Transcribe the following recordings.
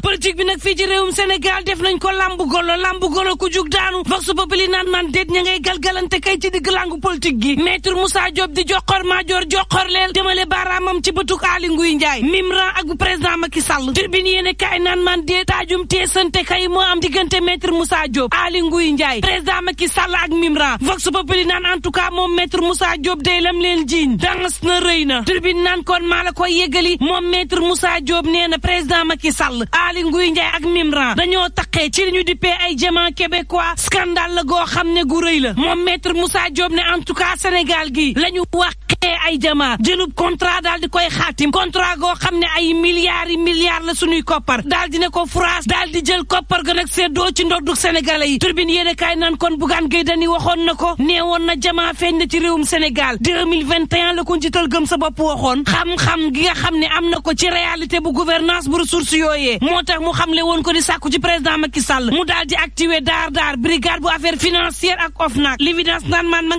président politique bi nag fii ci réewum Sénégal def nañ ko lambu golo lambu golo ku jug daanu vox populi naan man déet ña ngay galgalante kay ci digg langu politique gi maître Moussa Diop di joxor maajoor joxor leel demale baaraamam ci bëtuk Aly Ngouille Ndiaye Mimran ak président Macky Sall tribune yéene kaay naan man déet taajum teesante kay moo am diggante maître Moussa Diop Aly Ngouille Ndiaye président Macky Sall ak Mimran vox populi naan en tout cas moom maître Moussa Diop day lam leen jiiñ na rëy naan kon maa la koy yeggali moom maître Moussa Diop nee na président Macky Sall Aly nguy Ndiaye ak Mimran dañoo taqee ci li ñu dippee ay jaman québécois scandale la goo xam ne gu rëy la moom maître Moussa Diop ne en tout cas Sénégal gi lañu wax créé ay jamaa jëlub contrat daal di koy xaatim contrat goo xam ne ay milliards yi milliards la sunuy koppar daal di ne ko France daal di jël koppar ga nag seddoo ci ndoddu sénégalais yi turbine yéen a kaay naan kon Bougane Gueye Dany waxoon na ko woon na jamaa feeñ na ci réewum Sénégal 2021 la ko njiital gëm sa bopp waxoon xam-xam gi nga xam ne am na ko ci réalité bu gouvernance bu ressource yooyee moo tax mu xam le woon ko di sàkku ci président Macky Sall mu daal di activé daar daar brigade bu affaire financière ak OFNAC l'évidence naan maan ma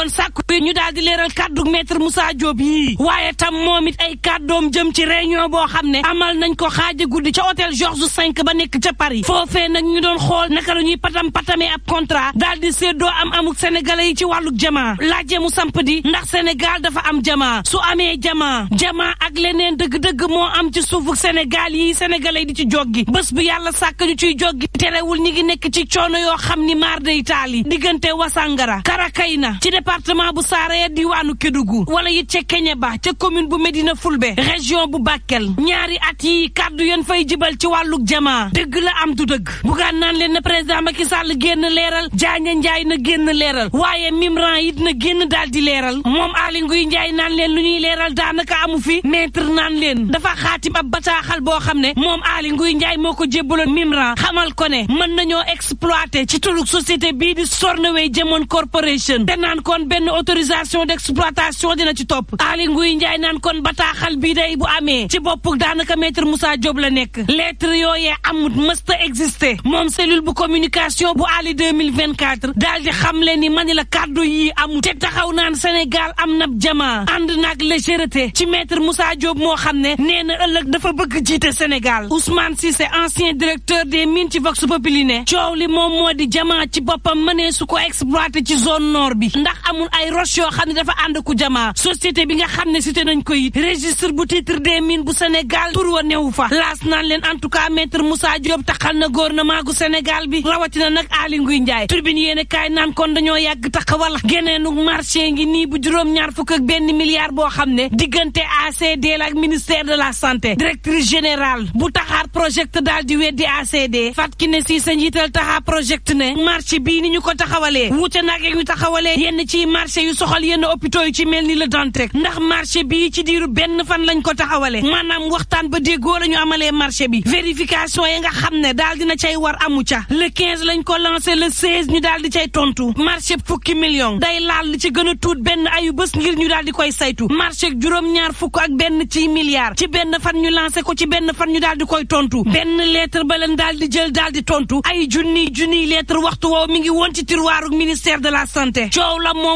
kon sàkku bi ñu daal di leeral kàddu maître Moussa Diop yii waaye tam moom it ay kàddoom jëm ci réunion boo xam ne amal nañ ko xaaja guddi ca hôtel Georges V ba nekk ca Paris foofee nag ñu doon xool naka la ñuy patam patamee ab contrat daal di séddoo am amuk sénégalais yi ci wàlluk jamaa laajee mu samp di ndax Sénégal dafa am jamaa su amee jamaa jamaa ak leneen dëgg-dëgg moo am ci suufuk Sénégal yi sénégalais di ci joggi bés bu yàlla sàkk ñu ciy joggi terewul ñi ngi nekk ci coono yoo xam ni maar day taali diggante wasangara karakay département bu Saraya diwaanu Kédougou wala it ca Kéniéba ca commune bu Médina Fulbe région bu Bakel ñaari at yi kàddu yéen fay jibal ci wàllug jamaa dëgg la am du dëgg bugaan naan leen na président Macky Sall génn leeral Diagne njaay na génn leeral waaye Mimran it na génn daal di leeral moom Aly Ngouille Ndiaye naan leen lu ñuy leeral daanaka amu fi maître naan leen dafa xaatim ab bataaxal boo xam ne moom Aly Ngouille Ndiaye moo ko jébbaloon Mimran xamal ko ne mën nañoo exploité ci tulug société bii di Sornoway Jemon Corporation te naan ko benn autorisation de d'exploitation dina ci topp Aly Ngouille Ndiaye naan kon bataaxal bii day bu amee ci bopp danaka maître Moussa Diop la nekk lettre yooye amut mësta existe moom cellule bu communication bu Aly 2024 daal di xamle ni mani la kàddu yi amut te taxaw naan Sénégal am na jamaa ànd naag légèreté ci maître musa Diop moo xam ne nee na ëllëg dafa bëgg jiite Sénégal Ousmane Cissé ancien directeur des mines ci Vox Populi ne coow li moom moo di jamaa ci boppam mënee su ko exploité ci zone nord bi amul ay roche yoo xam ne dafa ànd ku jamaa société bi nga xam ne cité nañ ko it registre bu titre des mines bu Sénégal tur wa newu fa laas naan leen en tout cas maître Moussa Diop taxal na gouvernement gu Sénégal bi rawatina nag Aly Ngouille Ndiaye turbine yéen kaay naan kon dañoo yàgg taxawal geneenu marché ngi nii bu juróom-ñaar fukk ak benn milliard boo xam ne diggante ACD la ak ministère de la santé directrice générale bu taxaar project daal di weddi ACD fat ki ne si sa njiital taxaar project ne marché bi ni ñu ko taxawalee wuute nag ñu taxawalee yenn ci ci marché yu soxal yenn hôpitaux yu ci mel ni la Dantec ndax marché bi ci diiru benn fan lañ ko taxawale maanaam waxtaan ba déggoo la ñu amalee marché bi vérification yi nga xam ne daal dina cay war amu ca le quinze lañ ko lancé le 16 ñu daal di cay tontu marché fukki million day laal li ci gën a tuut benn ayu bés ngir ñu daal di koy saytu marché juróom-ñaar fukk ak benn ci milliard ci benn fan ñu lancé ko ci benn fan ñu daal di koy tontu benn lettre ba leen daal di jël daal di tontu ay junniy junniy lettre waxtu mi ngi ci tiroiru ministère de la santé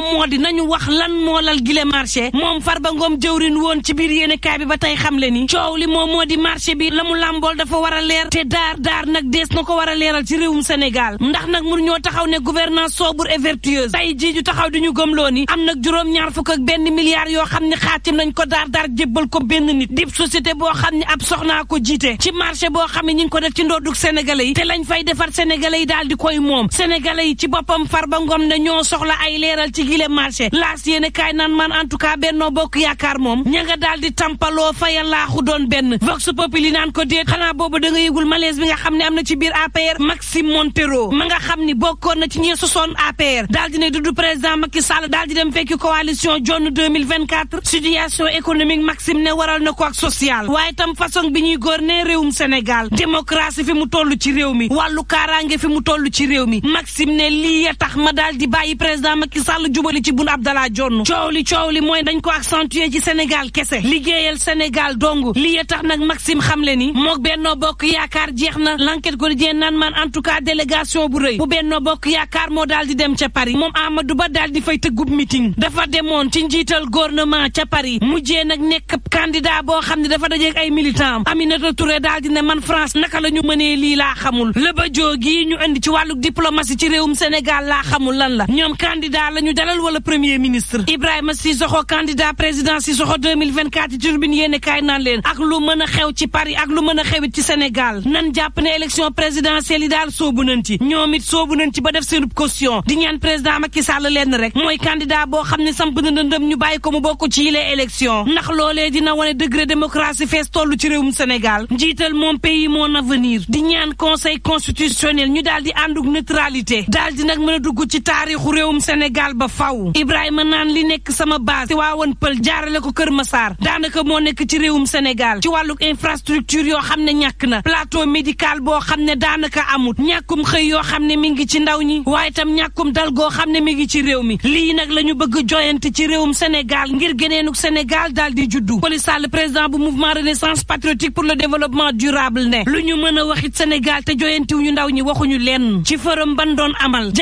moom moo di nañu wax lan moo lal gile marché moom Farba Ngom jëwrin woon ci biir yéenekaay bi ba tey xam le ni coow li moom moo di marché bi la mu làmbool dafa war a leer te daar daar nag dees na ko war a leeral ci réewum Sénégal ndax nag mun ñoo taxaw ne gouvernance sobre et vertueuse tey jii ju taxaw di ñu gëmloo ni am nag juróom-ñaar fukk ak benn milliard yoo xam ne xaatim nañ ko daar daar jébbal ko benn nit dib société boo xam ne ab soxnaa ko jiite ci marché boo xam ne ñi ngi ko def ci ndoddug sénégalais yi lañ fay defar sénégalais yi daal di koy moom sénégalais yi ci boppam Farba Ngom ne ñoo soxla ay leeral ci ci gile marché laas yéen kaay naan man en tout cas bennoo bokk yaakaar moom ña nga tampaloo faya laaxu doon benn vox populi naan ko déet xanaa boobu da nga yëgul malaise bi nga xam ne am na ci biir APR Maxime Montero ma nga xam ni bokkoon na ci ñee sosoon APR daal di ne dudd président Macky Sall daal di dem fekki coalition jonn 2024 situation économique Maxime ne waral na ko ak social waaye tam façon bi ñuy góor ne réewum Sénégal démocratie fi mu toll ci réew mi wàllu kaaraange fi mu toll ci réew mi Maxime ne lii ya tax ma daal di bàyyi président Macky wàllu jubali ci bun Abdallah Jonn coow li coow li mooy dañ ko accentuer ci Sénégal kese liggéeyal Sénégal dong lii tax nag Maxime xamle ni mook Benno Bokk Yaakaar jeex na l'enquête quotidien naan man en tout cas délégation bu rëy bu Benno Bokk Yaakaar moo daal di dem ca Paris moom Amadou Ba daal di fay tëggu meeting dafa demoon ci njiital gouvernement ca Paris mujjee nag nekk candidat boo xam ne dafa dajeeg ay militant Aminata Touré daal di ne man France naka la ñu mënee lii laa xamul la ba jógii ñu indi ci wàllu diplomatie ci réewum Sénégal laa lan la ñu dalal wala premier ministre Ibrahima Sissoko candidat président soxo Sissoko 2024 turbine yéene kaay naan leen ak lu mën a xew ci Paris ak lu mën a xewit ci Sénégal nan jàpp ne élection présidentielle yi daal soobu nañ ci ñoom it soobu nañ ci ba def seenub caution di ñaan président Macky Sall leen rek mooy candidat boo xam ne samp na ndëndëm ñu bàyyi ko mu bokk ci yile élection ndax loolee dina wane degré démocratie fees tollu ci réewum Sénégal njiital mon pays mon avenir di ñaan conseil constitutionnel ñu daal di ànduk neutralité daal di nag dugg ci taarixu réewum Sénégal ba faw Ibrahima naan li nekk sama base si waawoon pël jaarale ko Kër Masaar daanaka moo nekk ci réewum Sénégal ci wàllu infrastructure yoo xam ne ñàkk na plateau médical boo xam ne daanaka amut ñàkkum xëy yoo xam ne mi ngi ci ndaw ñi waaye tam ñàkkum dal goo xam ne mi ngi ci réew mi lii nag la ñu bëgg joyante ci réewum Sénégal ngir géneenuk Sénégal daal di juddu Coly Sall président bu mouvement renaissance patriotique pour le développement durable ne lu ñu mën a waxit Sénégal te joyantiwu ñu ndaw ñi waxuñu lenn ci forum ban doon amal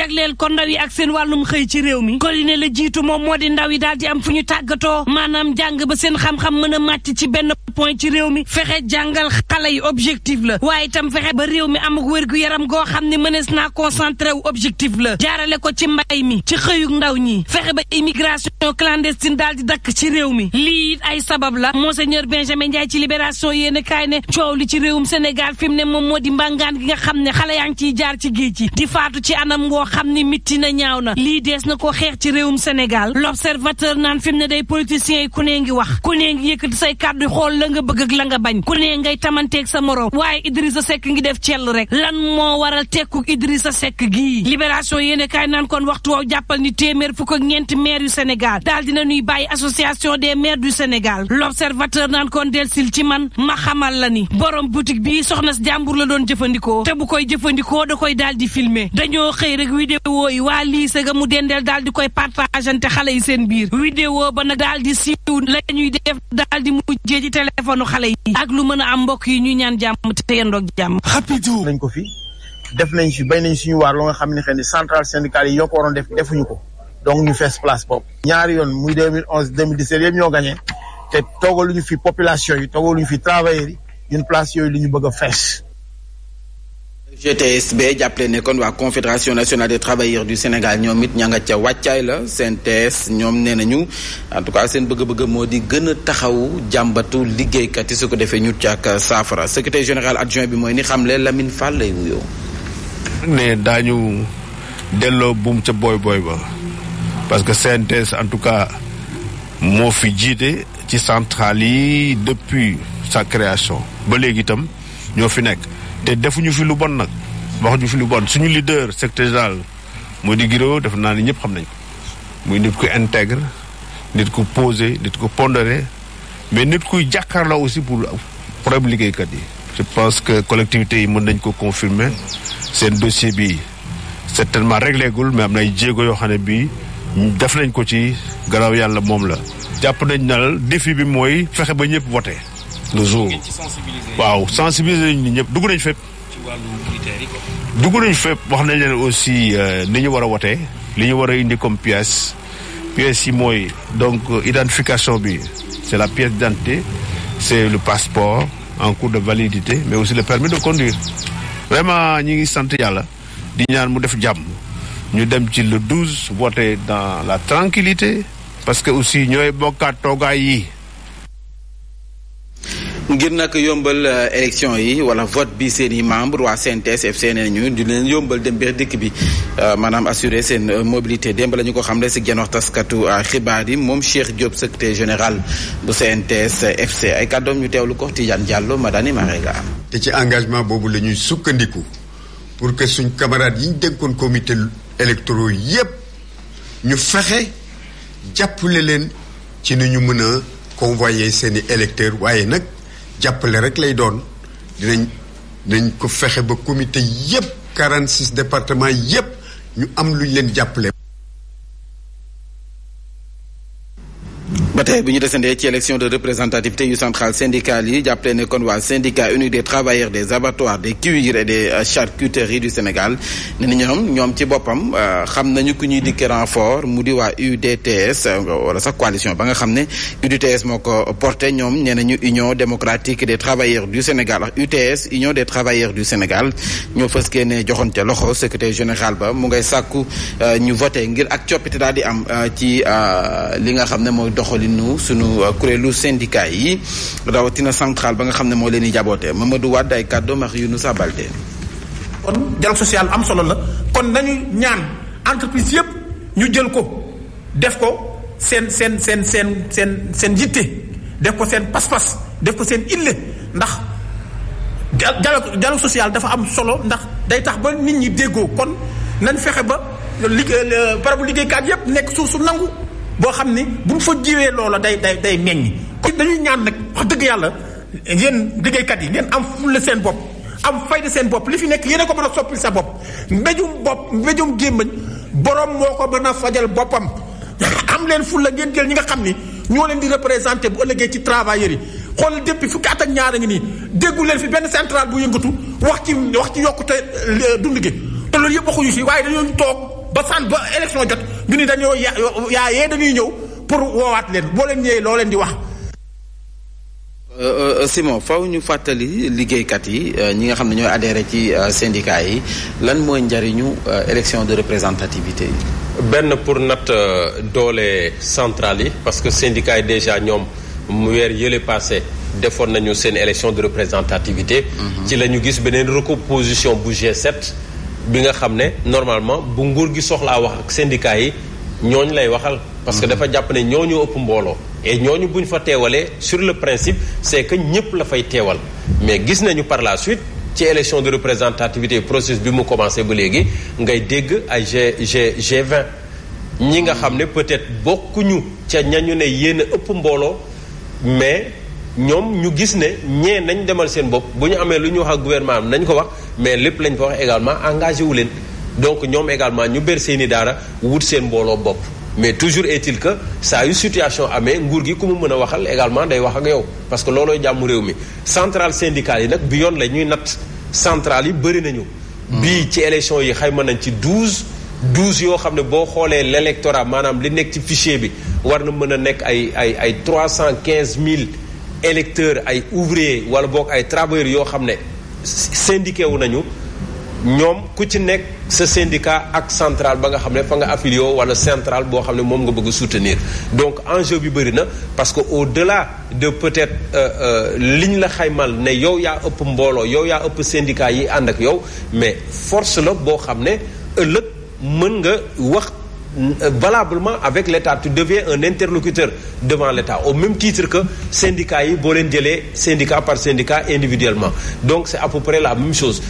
xëy ci réew mi mi koline la jiitu moom moo di ndaw yi daal di am fu ñu tàggatoo maanaam jàng ba seen xam-xam mën a màcc ci benn point ci réew mi fexe jàngal xale yi objectif la waaye itam fexe ba réew mi am ak wér gu yaram goo xam ne mënees naa concentré wu objectif la jaarale ko ci mbay mi ci xëyu ndaw ñi fexe ba immigration clandestine daal di dakk ci réew mi lii it ay sabab la monseigneur Benjamin Ndiaye ci libération yéen kaay ne coow li ci réewum Sénégal fi mu ne moom moo di mbangaan gi nga xam ne xale yaa ngi ciy jaar ci géej gi di faatu ci anam ngoo xam ne mitti na ñaaw na lii dees na ko xeex ci réewum Sénégal l'observateur naan fi mu ne day politiciens yi nee ngi wax ku nee ngi yëkkati say xool la nga bëgg ak la nga bañ ku ne ngay tamanteeg sa morom waaye Idrissa Seck ngi def cell rek lan moo waral tekku Idrissa Seck gii libération yéene kaay naan kon waxtu woow jàppal ni téeméer fukk ak ñeenti maire yu Sénégal daal dina ñuy bàyyi association des maires du Sénégal l'observateur naan kon delsil ci man ma xamal la ni borom boutique bi soxna si jàmbur la doon jëfandikoo te bu koy jëfandikoo da koy daal di filmer dañoo xëy rek vidéo yi waa lii saga mu dendeel daal di koy partageante xale yi seen biir vidéo ba nag daal di siiw la ñuy def téléphone xale yi ak lu mën a am mbokk yi ñu ñaan jàmm te yendoog jàmm rapido nañ ko fi def nañ si bay nañ suñu waar loo nga xam ne xëy na central syndical yi ñoo ko waroon def defuñu ko donc ñu fees place boobu ñaari yoon muy 2011 2017 yëpp ñoo gagné te toogaluñu fi population yi toogaluñu fi travailleurs yi ñun place yooyu li ñu bëgg a fees GTSB jàppale ne kon waa confédération nationale des travailleurs du Sénégal ñoom it ña nga ca wàccaay la CNTS ñoom nee nañu en tout cas seen bëgg-bëgg moo di gën a taxaw jàmbatu liggéeykat yi su ko defee ñu càkk saafara secrétaire général adjoint bi mooy ni xamle Lamine Fall lay wuyoo. ne daañu delloo buum ca booy booy ba parce que CNTS en tout cas moo fi jiite ci centrale yi depuis sa création ba léegi itam ñoo fi nekk. te defuñu fi lu bon nag waxuñu fi lu bon suñu leader secteur général moo di Guiro def naa ni ñëpp xam nañ ko muy nit ku integre nit ku posé nit ku pondéré mais nit kuy jàkkaarloo aussi pour problème liggéeykat yi. je pense que collectivités yi mën nañ ko confirmer seen dossier bi certainement réglé gul mais am na ay jéego yoo xam ne bii def nañ ko ci gannaaw yàlla moom la. jàpp nañ nal défi bi mooy fexe ba ñëpp voté. le jour waaw sensibiliser nañ ñëpp dugg nañ fépp. dugg nañ fépp wax nañ leen aussi euh, ni ñu war a wotee li ñu war a indi comme pièce pièce yi mooy donc euh, identification bi c'est la pièce d'identité c'est le passeport en cours de validité mais aussi le permis de conduire vraiment ñi ngi sant yàlla di ñaan mu def jàmm ñu dem ci le 12 voter dans la tranquillité parce que aussi ñooy bokkaat toogaay yi ngir nag yombal euh, élection yi wala vote bi seeni i membre waa CNTS FC nee nañu di leen yombal dem beex dëkk bi euh, maanaam assurer seen euh, mobilité démb la ñu ko xam ne si genox taskatu xibaar yi moom Cheikh Diop secrétaire général bu CNTS FC ay kàddoom ñu teewlu ko Tidiane Diallo Madani Marega te ci engagement boobu la sukkandiku pour que suñ camarades yi ñu dénkoon comité électoraux yépp ñu fexe jàppale leen ci ni ñu mën a convoyer seen i électeurs waaye nag jàppale rek lay doon dinañ dañ ko fexe ba comité yépp 46 départements yépp ñu am lu ñu leen jàppale ba tey bi ñu desandee ci élection de représentativité yu centrale syndicale yi jàppale ne kon waa syndicat unique des travailleurs des abattoirs des cuirs et des euh, charcuteries du Sénégal ne ñoom ñoom ci boppam euh, xam nañu ku ñuy dikk renfort mu di waa UDTS euh, wala sax coalition ba nga xam ne UDTS moo ko porté ñoom nee ñu Union démocratique des travailleurs du Sénégal ak ah, UTS Union des travailleurs du Sénégal ñoo fës kee ne joxante loxo secrétaire général ba mu ngay sàkku ñu voté ngir ak coppite daal di am ci li nga xam ne mooy génnu sunu euh, kuréelu syndicat yi rawatina central ba nga xam ne moo leen di jaboote Mamadou Wade ay kàddoom ak Younousa Baldé kon dialogue social am solo la kon nañu ñaan entreprise yëpp ñu jël ko def ko seen seen seen seen seen seen yitte def ko seen pas-pas def ko seen ille ndax dialogue dialogue social dafa am solo ndax day tax ba nit ñi déggoo kon nañ fexe ba liggéey barabu liggéeykat yëpp nekk suuf su nangu boo xam ne bu ñu fa jiwee loola day day meñ meññ. kon dañuy ñaan nag wax dëgg yàlla yéen liggéeykat yi ngeen am fulla seen bopp am fayda seen bopp li fi nekk yéen a ko mën a soppil sa bopp mbéjum bopp mbéjum gémmañ borom moo ko mën a fajal boppam am leen fulla ngeen jël ñi nga xam ni ñoo leen di représenté bu ëllëgee ci travailleurs yi xool depuis fukki at ak ñaar a ngi nii déggu leen fi benn centrale bu yëngatu wax ci wax ci yokkute euh, dund gi te loolu yëpp waxuñu si waaye dañoo toog ba sànn ba élection jot. du ni dañoo ya yaayee dañuy ñëw pour woowaat leen boo leen ñëwee loo leen di wax. Euh, euh, Simon faw ñu fàttali liggéeykat yi euh, ñi nga xam ne ñooy adhéré ci syndicat yi lan mooy njariñu élection de représentativité benn pour nat doole centrale yi parce que syndicat yi déjà ñoom mu weer yële passé defoon nañu seen élection de représentativité. Mm-hmm. ci la ñu gis beneen recomposition bu G7. bi nga xam ne normalement bu nguur gi soxlaa wax ak syndicat yi ñooñu lay waxal. parce que mhm. dafa jàpp ne ñooñu ëpp mbooloo. et ñooñu bu ñu fa teewalee sur le principe c'est que ñëpp la fay teewal mais gis nañu par la suite. ci élection de représentativité processus bi mu commencé ba léegi ngay dégg ay G G g ñi nga xam ne peut-être bokkuñu ca ñañu ne yéen a ëpp mbooloo mais ñoom ñu gis ne ñee nañ demal seen bopp bu ñu amee lu ñu wax ak gouvernement am nañ ko wax mais lépp lañ ko wax également engagé wu leen donc ñoom également ñu ber seen i daara wut seen mbooloo bopp mais toujours est-il que saa yu situation amee nguur gi ku mu mën a waxal également day wax ak yow parce que loolooy jàmm réew mi centrale syndicale yi nag bi yoon la ñuy natt centrale yi bëri nañu hmm. bii ci élection yi xayma nañ ci 12 12 yoo xam ne boo xoolee l'électorat maanaam li nekk ci fichier bi war na mën a nekk ay ay ay 315 000 électeur ay ouvrier wala boog ay travailleurs yoo xam ne syndiqué wu nañu ñoom ku ci nekk sa syndicat ak centrale ba nga xam ne fa nga affilié wala centrale boo xam ne moom nga bëgg soutenir donc enjeu bi bëri na parce que au delà de peut-être euh, euh, liñ la xaymal ne yow yaa ëpp mbooloo yow yaa ëpp syndicat yi ànd ak yow mais force la boo xam ne ëllëg mën nga wax valablement avec l'État tu deviens un interlocuteur devant l'État au même titre que syndicat yi boo leen jëlee syndicat par syndicat individuellement donc c'est à peu la même chose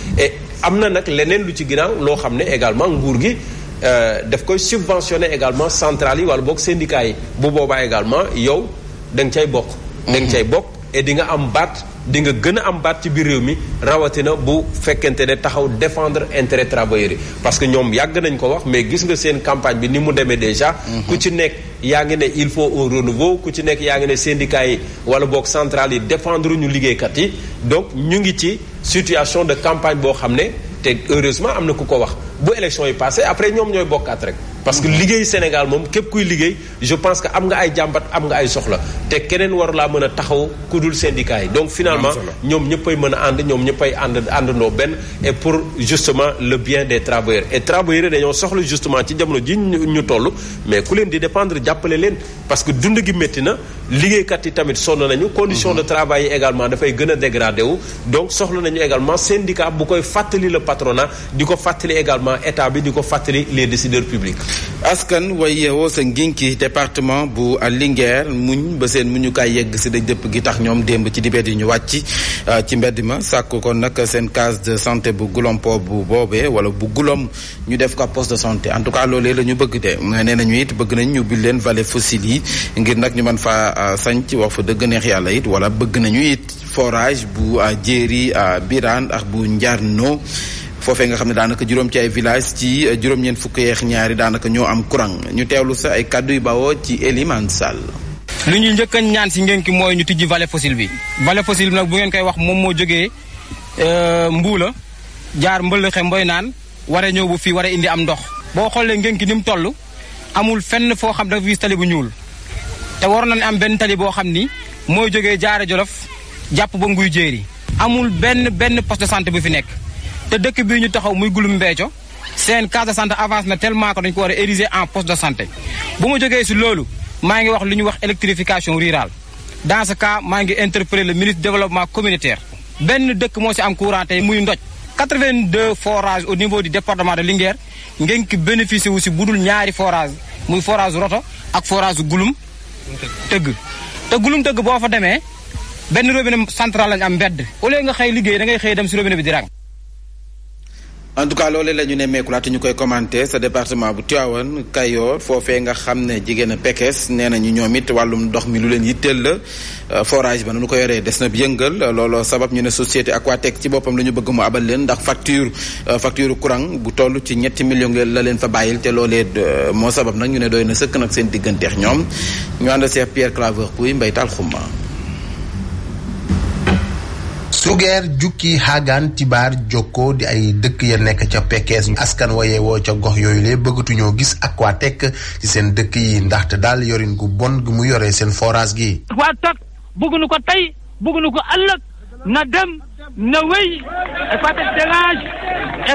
am na nag leneen lu ci ginnaaw loo xam ne également nguur gi euh, daf koy subventionner également centrales yi wala boog syndicats yi bu boobaa également yow da nga cay bokk da nga mhm. cay bokk et di nga am baat di nga gën a am baat ci biir réew mi rawatina bu fekkente ne taxaw défendre intérêt travailleurs yi parce que ñoom yàgg nañ ko wax mais gis nga seen campagne bi ni mu demee déjà mhm. ku ci nekk yaa ngi ne il faut un renouveau ku ci nekk yaa ngi ne syndicats yi wala boog centrale yi défendre ñu liggéeykat yi donc ñu ngi ci situation de campagne boo xam ne te heureusement am na ku ko wax bu élection yi passé après ñoom ñooy bokkaat rek parce que liggéey Sénégal moom képp kuy liggéey je pense que am nga ay jàmbat am nga ay soxla te keneen war laa mën a taxaw ku dul syndicat yi donc finalement ñoom ñëppay mën a ànd ñoom ñëppay ànd àndandoo benn et pour justement le bien des travailleurs et travailleurs yi dañoo soxla justement ci jamono ji ñu toll mais ku leen di dépendre jàppale leen parce que dund gi métti na liggéeykat yi tamit sonn nañu condition mhm. de travail yi également dafay gën a dégradé wu donc soxla nañu également syndicat bu koy fàttali le patronat di ko fàttali également état bi di ko fàttali les décideurs publics askan way yeewoo sa nginki département bu Linguère muñ ba seen muñukaay yegg si daj dëpp gi tax ñoom démb ci dibet yi ñu wàcc euh, ci mbedd ma sàkk kon nag seen case de santé bu Goulompoo bu boobee wala bu gulom ñu def ko poste de santé en tout cas loolee lañu bëgg de nee nañu it bëgg nañu ñu bil leen vallée fossile yi ngir nag ñu mën faa euh, sanc wax fa dëgg neex yàlla it wala bëgg nañu it forage bu euh, jéeri biraan ak bu njaarno foofe nga xam ne daanaka juróom ci ay village ci euh, juróom-ñeent fukk yeex ñaari daanaka ñoo am courant ñu teewlu sa ay kàddu yu bawoo ci Elimane Sall li ñuy njëkk a ñaan si ngeen mooy ñu tijji vallée fossile bi vallée fossile bi nag bu ngeen koy wax moom moo jógee euh, mbuula jaar mbëlëxe mboy naan war a ñëw bu fii war a indi am ndox boo xoolee ngeen ki ni toll amul fenn foo xam dafa gis tali bu ñuul te waroon nañ am benn tali boo xam ni mooy jógee jaara jolof jàpp ba nguy jéeri amul benn benn poste de bu fi nekk te dëkk bii ñu taxaw muy Gouloumbé Mbéthio seen case de santé avance na tellement ko dañu ko war a en poste de santé bu ma jógee si loolu maa ngi wax lu ñuy wax électrification rural dans maa ngi interpellé le ministre développement communautaire benn dëkk moo si am courant tey muy Ndodj forage au niveau du département de Linguère ngeen ki bénéficié wu si budul ñaari forage muy forage Roto ak forage Gouloum Tëgg te Gouloum Tëgg boo fa demee benn robinet central lañu am mbedd au nga xëy liggéey da ngay xëy dem si robinet bi di rang en tout cas loolee la ñu ne meekulaat ñu koy commenté sa département bu Tivaouane Kayoor foofee nga xam ne jigéen a pekes nee nañu ñoom it wàllum ndox mi lu leen yitteel la euh, forage ba nu ko yoree des na yëngal looloo sabab ñu ne société Aquatech ci boppam la ñu bëgg mu abal leen ndax facture euh, facture courant bu toll ci ñetti millions la leen fa bàyyil te loolee euh, moo sabab nag ñu ne doy na sëkk nag seen digganteex ñoom ñu ànd Pierre Claver Pouy Mbaytal Xumma Sugeer Jukki Hagan Tibaar Jokko di ay dëkk ya nekk ca Pekes askan wa yeewoo ca gox yooyu lee bëggatuñoo gis Aquatec ci seen dëkk yi ndaxte daal yorin gu bon gu mu yore seen forage gi. waa toog bëgguñu ko tey bëgguñu ko ëllëg na dem na wéy Aquatec dégage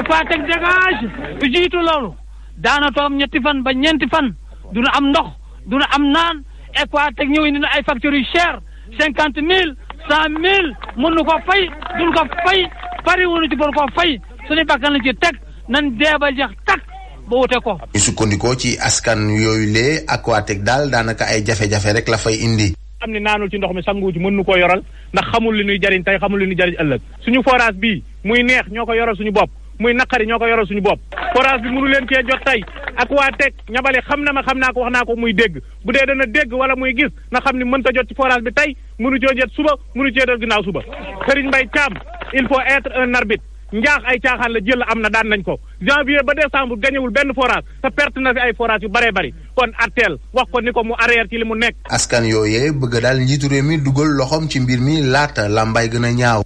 Aquatec dégage jiitu loolu daana toog ñetti fan ba ñeenti fan duna am ndox duna am naan Aquatec ñëw indi na ay factures yu cher cinquante mille. cent mille mënu ko fay duñ ko fay pari wuñu ci bor ko fay suñu bakkan la ci teg nan deeba jeex tak ba wute ko. ñu sukkandikoo ci askan yooyu lee Aquatech daal daanaka ay jafe-jafe rek la fay indi. am ni naanul ci ndox mi sangu ci mën nu koo yoral ndax xamul li ñuy jariñ tey xamul li ñuy jariñ ëllëg suñu forage bi muy neex ñoo ko yoral suñu bopp muy naqari ñoo ko yoral suñu bopp forage bi mënu leen cee jot tey ak waa teg ñabale xam na ma xam naa ko wax naa ko muy dégg bu dee dana dégg wala muy gis na xam ni mënta jot ci forage bi tey mënu cee jot suba mënu cee jot ginnaaw suba Serigne Mbaye Thiam il faut être un arbitre njaax ay caaxaan la jël am na daan nañ ko janvier ba décembre gañewul benn forage te perte na fi ay forage yu bëree bëri kon atteel wax ko ni ko mu arrière ci li mu nekk. askan yooyee bëgg daal njiitu réew mi dugal loxoom ci mbir mi laata làmbaay gën a ñaaw.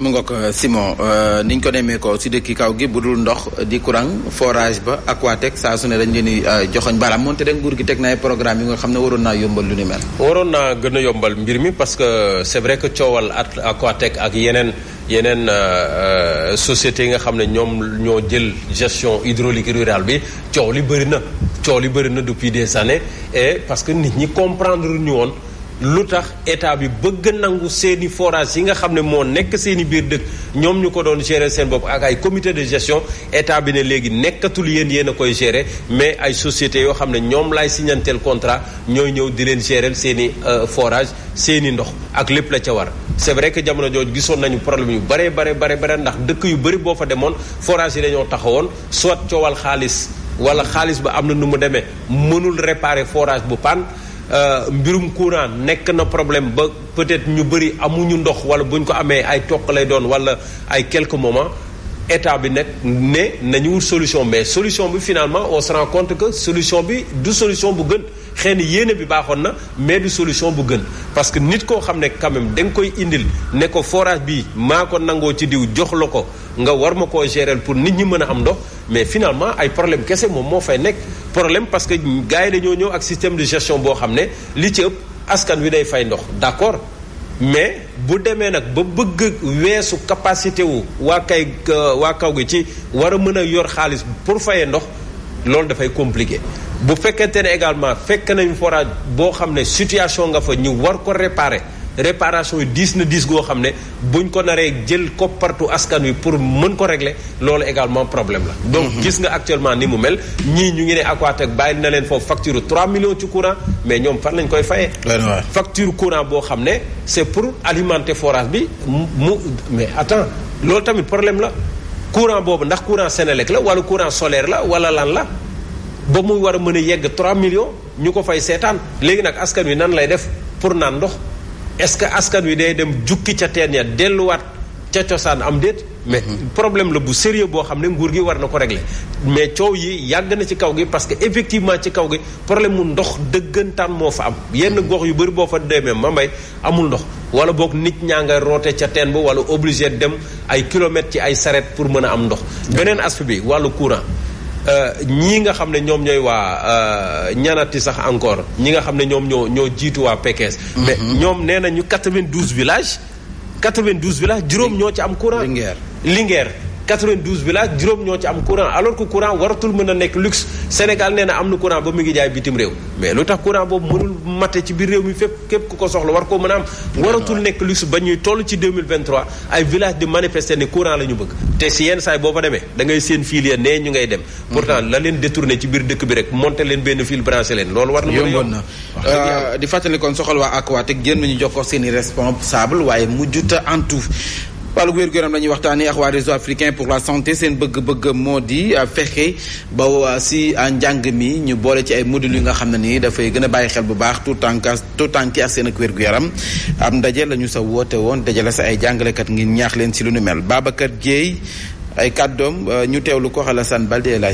mu nga ko euh, Simon euh, niñ ko demee ko si dëkki kaw gi bu dul ndox di courant forage ba Aquatec saa su ne dañ leen di euh, joxoñ baaraam moonte de nguur gi teg na ay programme yi nga xam ne waroon naa yombal lu ni mel. waroon naa gën a yombal mbir mi parce que c'est vrai que coowal ak Aquatec ak yeneen yeneen société yi nga xam ne ñoom ñoo jël gestion hydraulique rurale bi coow li bëri na coow li bëri na depuis des années et parce que nit ñi comprendre ñu woon. lu tax état bi bëgg nangu seeni forage yi nga xam ne moo nekk seeni biir dëkk ñoom ñu ko doon gérer seen bopp ak ay comité de gestion état bi ne léegi nekkatul yéen yéen koy gérer mais ay sociétés yoo xam ne ñoom laay signanteel contrat ñooy ñëw di leen gérer seeni euh, forage seeni ndox ak lépp la ca war c'est vrai que jamono jooju gisoon nañu problème yu bare bare bare bare ndax dëkk yu bëri boo fa demoon forage yi dañoo taxawoon soit coowal xaalis wala xaalis ba am na nu mu demee mënul réparer forage bu panne Euh, mbirum courant nekk na problème ba peut-être ñu bëri amuñu ndox wala bu ñu ko amee ay toq lay doon wala ay quelques moment état bi nekk ne nañu wut solution mais solution bi finalement on se rend que solution bi du solution bu gën xëy na yéene bi baaxoon na mais du solution bu gën parce que nit koo xam ne quand même da nga koy indil ne ko forage bi maa ko nangoo ci diw jox la ko nga war ma ko gérer pour nit ñi mën a am ndox mais finalement ay problème kese moom moo fay nekk problème parce que gars yi dañoo ñëw ak système de gestion boo xam ne li ci ëpp askan wi day fay ndox d'accord mais bu demee nag ba bëgg weesu capacité wu waa kay waa kaw gi ci war a mën a yor xaalis pour fayee ndox loolu dafay compliqué bu fekkente ne également fekk nañu forage boo xam ne situation nga fa ñu war ko réparer réparation yi diis na diis goo xam ne buñ ko naree jël ko partout askan wi pour mën ko régler loolu également problème la. donc mhm. gis nga actuellement ni mu mel ñii ñu ngi ne Aquatec bàyyi na leen foofu facture 3 millions ci courant mais ñoom fan lañ koy fayee. facture courant boo xam ne c'est pour alimenter forage bi mu mais attends loolu tamit problème la courant boobu ndax courant Sénélec la wala courant solaire la wala lan la. ba muy war a mën a yegg 3 millions ñu ko fay seetaan léegi nag askan wi nan lay def pour naan ndox est-ce que askan wi day dem jukki ca teen ya delluwaat ca cosaan am déet mais mhm. problème la bu sérieux boo xam ne nguur gi war na ko régler mais coow yi yàgg na ci kaw gi parce que effectivement ci kaw gi problème mu ndox dëggantaan moo fa am yenn mhm. gox yu bëri boo fa demee ma mbay amul ndox wala boog nit ñaa nga roote ca teen ba wala obligé dem ay kilomètres ci ay saret pour mën a am ndox mhm. beneen aspect bi wàllu courant Euh, ñii nga xam ne ñoom ñooy waa euh, ñanati sax encore ñi nga xam ne ñoom ñoo ñoo jiitu waa Pekes. Mhm. mais ñoom nee nañu village 92 villages 92 villages juróom ñoo ci am courant. Linguère Linguère. 92 villages juróom ñoo ci am courant alors que courant waratul mën a nekk luxe Sénégal nee na am na courant ba mu ngi jaay bitim réew mais lu tax courant boobu mënul mate ci biir réew mi fépp képp ku ko soxla war ko mën a am waratul nekk luxe ba ñuy toll ci 2023 ay village di manifester ne courant la ñu bëgg te si yenn saay boo fa demee da ngay seen fil ya nee ñu ngay dem pourtant la leen détourné ci biir dëkk bi rek monté leen benn fil branché leen loolu war na yomboon na euh, di fàttalikoon soxal waa Aquatec jéem nañu jokkoo seen i responsable waaye mujjuta en tout wàllu wér gu yaram la ñuy waxtaanee ak waa réseau africain pour la santé seen bëgg-bëgg moo di euh, fexe ba euh, si euh, njàng mi ñu boole ci ay modules yu nga xam ne nii dafay gën a bàyyi xel bu baax tout tànk tout tànk ak seen ak wér gu yaram am ndaje la ñu sa woote woon dajale sa ay jàngalekat ngir ñaax leen si lu nu mel Babacar Guèye ay kàddoom ñu teewlu ko xalaat Sane Balde El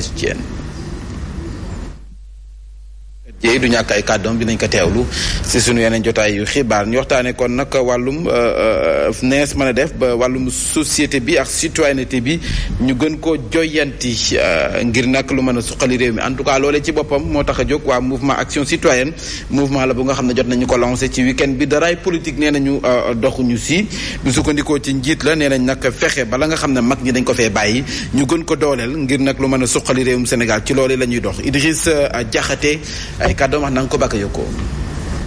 yéen du ñàkk ay kàddoom dinañ ko teewlu si sunu yeneen jotaay yu xibaar ñu waxtaanee kon nag wàllum euh, euh, nees mën a def ba wàllum société bi ak citoyenneté bi ñu gën koo joyanti euh, ngir nak lu mën a suqali réew mi en tout cas loolee ci boppam moo tax a jóg waa mouvement action citoyenne mouvement la bu nga xam ne jot nañu ko lancé ci week bi daraay politique nee doxuñu si sukkandikoo ci njiit la nee nañ nag fexe bala nga xam ne mag ñi dañ ko fee bàyyi ñu gën ko dooleel ngir nag lu mën a suqali réewum Sénégal ci lool la ñuy dox Idriss Diakhaté kàddoom wax na nga ko bàkk yëg ko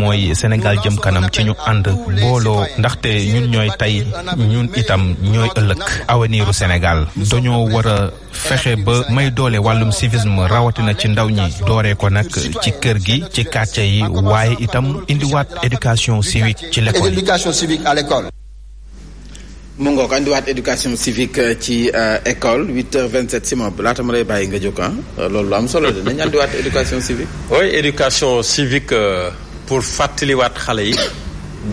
mooy Sénégal jëm kanam ci ñu ànd booloo ndaxte ñun ñooy tey ñun itam ñooy ëllëg aweniru Sénégal dañoo war a fexe ba may doole wàllum civisme rawatina ci ndaw ñi dooree ko nag ci kër gi ci quartier yi waaye itam indiwaat éducation civique ci l'école éducation civique à mu ngoog andiwaat éducation civique euh, ci euh, école 8h27 si moom laata ma lay bàyyi nga jóg ah euh, loolu lu am solo de nañu andiwaat éducation civique. oui éducation civique. pour fàttaliwaat xale yi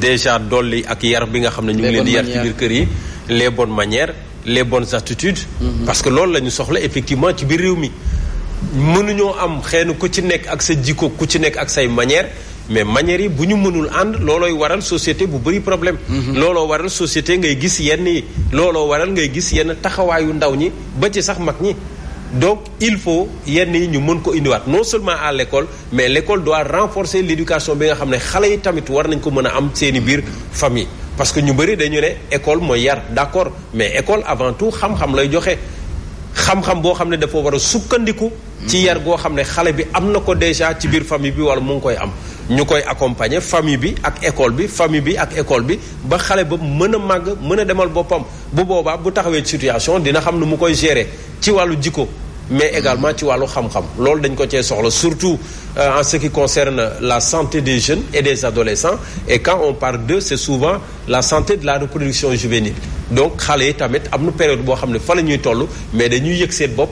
déjà dolli ak yar bi nga xam ne ñu ngi leen di yar ci biir kër yi les bonnes manières les bonnes attitudes mm-hmm. parce que loolu lañu soxla effectivement ci biir réew mi mënuñoo am xeenu ku ci nekk ak sa jikko ku ci nekk ak say manière mais manières yi bu ñu mënul ànd loolooy waral société bu bëri problème mm-hmm. looloo waral société ngay gis yenn yi looloo waral ngay gis yenn taxawaayu ndaw ñi ba ci sax mag ñi donc il faut yenn yi ñu mën ko indiwaat non seulement à l'école mais l'école doit renforcer l'éducation bi nga xam ne xale yi tamit war nañ ko mën a am seeni biir famille parce que ñu bëri dañu ne école mooy yar d'accord mais école avant tout xam-xam lay joxe xam-xam boo xam ne dafa war a sukkandiku ci yar goo xam ne xale bi am na ko déjà ci biir famille bi wala mu ngi koy am ñu koy accompagner famille bi ak école bi famille bi ak école bi ba xale ba mën a màgg mën a demal boppam bu boobaa bu taxawee situation dina xam ne mu koy gérer ci wàllu jikko mais également ci wàllu xam-xam loolu dañ ko cee soxla surtout euh, en ce qui concerne la santé des jeunes et des adolescents et quand on parle d'eux c'est souvent la santé de la reproduction juvénile donc xale yi tamit am na période boo xam ne fa la ñuy toll mais dañuy yëg seen bopp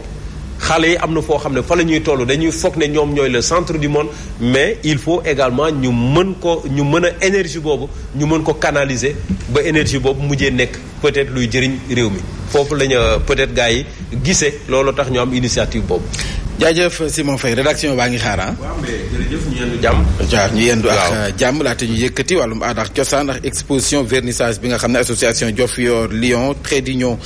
xale yi am na foo xam ne fa la ñuy toll dañuy foog ne ñoom ñooy le centre du monde mais il faut également ñu mën ko ñu mën a énergie boobu ñu mën ko canaliser ba énergie boobu mujjee nekk peut-être luy jëriñ réew mi foofu lañu ñu peut-être gars yi gisee loolu tax ñu am initiative boobu jaajëf Simon Faye rédaction baa ngi xaar ah. waaw ñu yendu jàmm. waaw ñu yendu ak euh, jàmm laata ñu yëkkati wàllum aada ak cosaan ndax exposition vernissage bi nga xam ne association Diofior Lyon Trédignon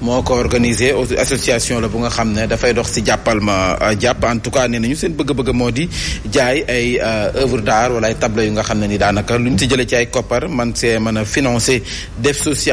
moo ko organisé association la bu nga xam ne dafay dox si jàppal ma euh, jàpp en tout cas nee nañu seen bëgg-bëgg moo di jaay ay euh, œuvre d'art wala ay tableau yu nga xam ne ni daanaka luñ si jëlee ci ay koppar man see mën a def social.